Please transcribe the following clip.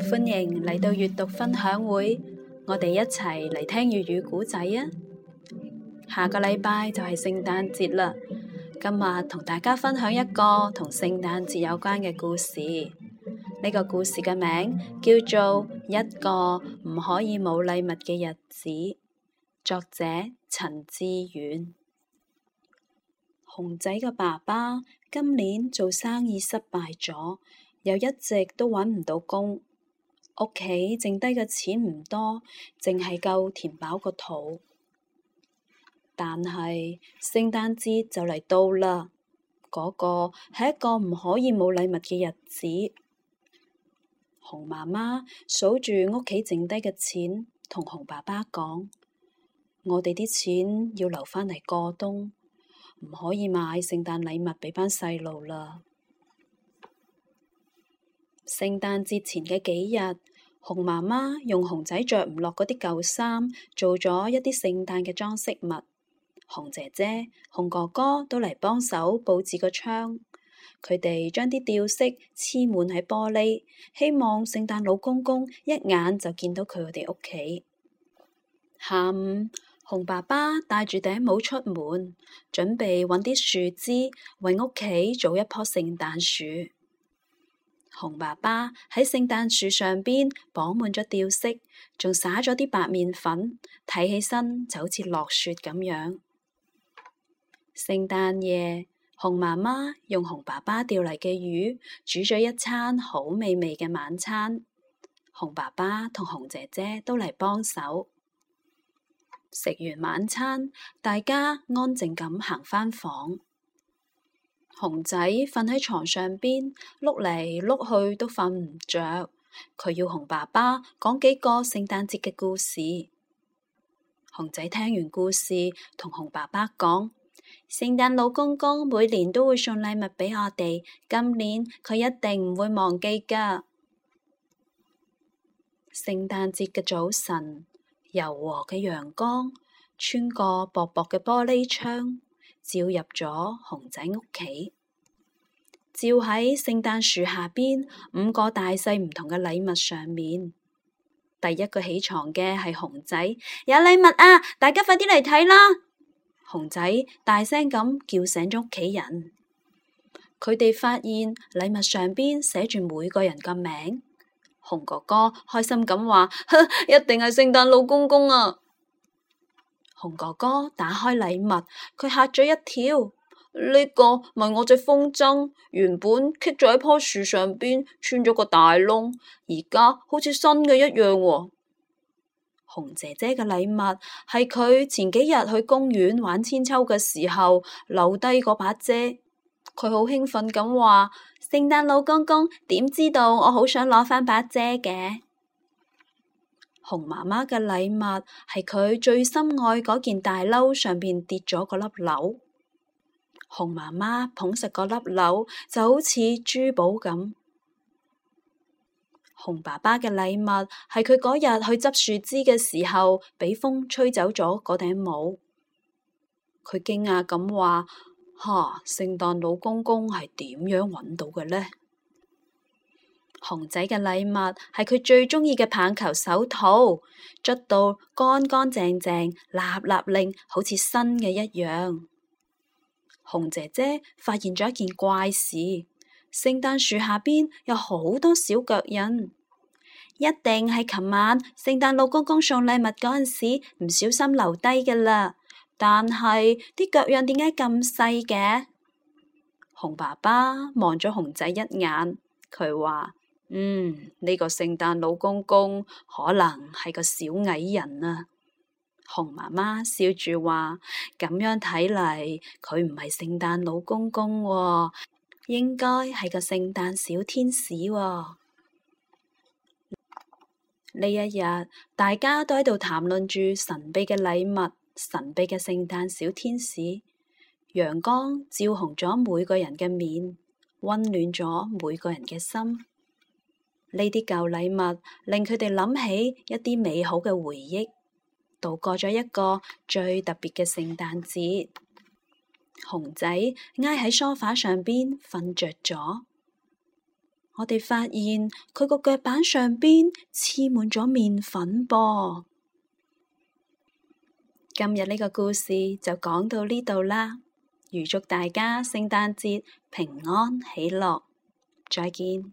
歡迎嚟到閱讀分享會，我哋一齊嚟聽粵語故仔啊！下個禮拜就係聖誕節啦，今日同大家分享一個同聖誕節有關嘅故事。呢個故事嘅名叫做《一個唔可以冇禮物嘅日子》，作者陳志遠。熊仔嘅爸爸今年做生意失敗咗，又一直都揾唔到工。屋企剩低嘅錢唔多，淨係夠填飽個肚。但係聖誕節就嚟到啦，嗰個係一個唔可以冇禮物嘅日子。熊媽媽數住屋企剩低嘅錢，同熊爸爸講：我哋啲錢要留翻嚟過冬，唔可以買聖誕禮物俾班細路啦。聖誕節前嘅幾日。熊媽媽用熊仔着唔落嗰啲舊衫，做咗一啲聖誕嘅裝飾物。熊姐姐、熊哥哥都嚟幫手布置個窗。佢哋將啲吊飾黐滿喺玻璃，希望聖誕老公公一眼就見到佢哋屋企。下午，熊爸爸帶住頂帽出門，準備揾啲樹枝，為屋企做一棵聖誕樹。熊爸爸喺聖誕樹上邊綁滿咗吊飾，仲灑咗啲白麵粉，睇起身就好似落雪咁樣。聖誕夜，熊媽媽用熊爸爸釣嚟嘅魚煮咗一餐好美味嘅晚餐。熊爸爸同熊姐姐都嚟幫手。食完晚餐，大家安靜咁行返房。熊仔瞓喺床上邊，碌嚟碌去都瞓唔着。佢要熊爸爸講幾個聖誕節嘅故事。熊仔聽完故事，同熊爸爸講：聖誕老公公每年都會送禮物俾我哋，今年佢一定唔會忘記㗎。聖誕節嘅早晨，柔和嘅陽光穿過薄薄嘅玻璃窗。照入咗熊仔屋企，照喺聖誕樹下邊五個大細唔同嘅禮物上面。第一個起床嘅係熊仔，有禮物啊！大家快啲嚟睇啦！熊仔大聲咁叫醒咗屋企人，佢哋發現禮物上邊寫住每個人嘅名。熊哥哥開心咁話：呵，一定係聖誕老公公啊！熊哥哥打開禮物，佢嚇咗一跳。呢個咪我隻風箏，原本棘咗喺棵樹上邊，穿咗個大窿，而家好似新嘅一樣哦。熊姐姐嘅禮物係佢前幾日去公園玩千秋嘅時候留低嗰把遮，佢好興奮咁話：聖誕老公公，點知道我好想攞返把遮嘅？熊媽媽嘅禮物係佢最心愛嗰件大褸上邊跌咗嗰粒紐。熊媽媽捧實嗰粒紐就好似珠寶咁。熊爸爸嘅禮物係佢嗰日去執樹枝嘅時候俾風吹走咗嗰頂帽。佢驚訝咁話：「哈，聖誕老公公係點樣揾到嘅呢？」熊仔嘅禮物係佢最中意嘅棒球手套，捽到乾乾淨淨、立立令，好似新嘅一樣。熊姐姐發現咗一件怪事，聖誕樹下邊有好多小腳印，一定係琴晚聖誕老公公送禮物嗰陣時唔小心留低㗎喇。但係啲腳印點解咁細嘅？熊爸爸望咗熊仔一眼，佢話。嗯，呢個聖誕老公公可能係個小矮人啊！熊媽媽笑住話：咁樣睇嚟，佢唔係聖誕老公公喎，應該係個聖誕小天使喎。呢一日，大家都喺度談論住神秘嘅禮物、神秘嘅聖誕小天使。陽光照紅咗每個人嘅面，溫暖咗每個人嘅心。呢啲舊禮物令佢哋諗起一啲美好嘅回憶，度過咗一個最特別嘅聖誕節。熊仔挨喺梳化上邊瞓着咗，我哋發現佢個腳板上邊黐滿咗麵粉噃。今日呢個故事就講到呢度啦，預祝大家聖誕節平安喜樂，再見。